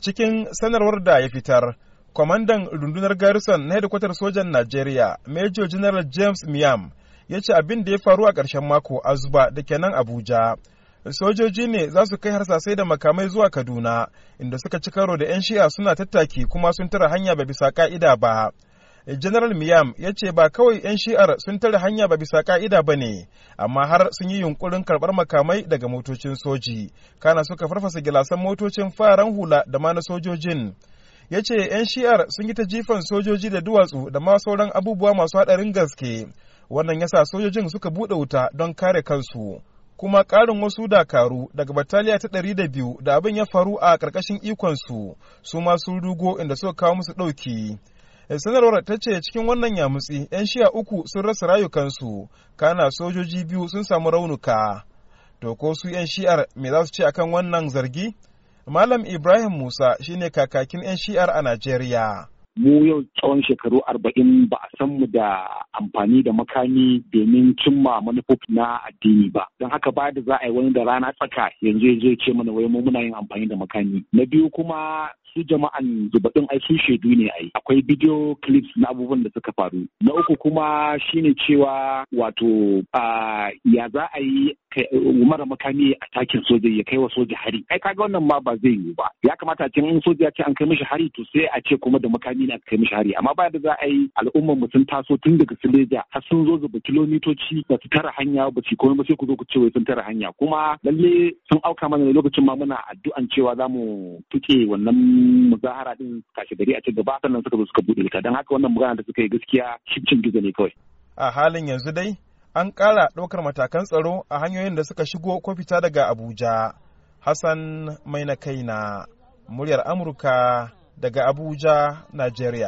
cikin sanarwar da ya fitar kwamandan rundunar garrison na hedikwatar sojan najeriya major general james miam ya ce abin da ya faru a ƙarshen mako a zuba da kenan abuja sojoji ne za su kai harsasai da makamai zuwa kaduna inda suka ci karo da 'yan shi'a suna tattaki kuma sun tara hanya ba bisa ka'ida ba Eh, General Miyam ya ce ba kawai 'yan shi'ar sun tare hanya ba bisa ka'ida ba ne, amma har sun yi yunkurin karɓar makamai daga motocin soji, kana suka farfasa gilasan motocin faran hula da ma na sojojin. Ya ce 'yan shi'ar sun yi ta jifan sojoji da duwatsu da ma sauran abubuwa masu haɗarin gaske, wannan yasa sojojin suka buɗe wuta don kare kansu. kuma ƙarin wasu dakaru daga bataliya ta ɗari da biyu da abin ya faru a ƙarƙashin ikonsu su ma sun rugo inda suka kawo musu ɗauki Eh, sanarwar ta ce cikin wannan yamutsi 'yan shiya uku sun rasa rayukansu kana sojoji biyu sun samu raunuka to ko su 'yan shi'ar me za su ce akan wannan zargi malam ibrahim musa shine kakakin 'yan shi'ar a najeriya mu yau tsawon shekaru arba'in ba a san mu da amfani da makami domin cimma manufofi na addini ba don haka ba da za a yi wani da rana tsaka yanzu ya ce mana wai mu muna yin amfani da makami na biyu kuma su jama'an zubaɗin ai su shaidu ne ai akwai bidiyo clips na abubuwan da suka faru na uku kuma shine cewa wato ya za a yi umara makami a takin soja ya kai wa soja hari ai kaga wannan ma ba zai yiwu ba ya kamata a in soja ce an kai mishi hari to sai a ce kuma da makami ne aka kai mishi hari amma ba da za a yi al'ummar mu sun taso tun daga sileja har sun zo zuba kilomitoci ba su tara hanya ba su komai ba sai ku zo ku ce wai sun tara hanya kuma lalle sun auka mana ne lokacin ma muna addu'an cewa za mu tuke wannan muzahara din kashe gari a ci gaba sannan suka zo suka buɗe ta don haka wannan magana da suka yi gaskiya cin gizo ne kawai a halin yanzu dai an ƙara ɗaukar matakan tsaro a hanyoyin da suka shigo ko fita daga Abuja. Hassan Mai na kaina, muryar Amurka daga Abuja, Najeriya.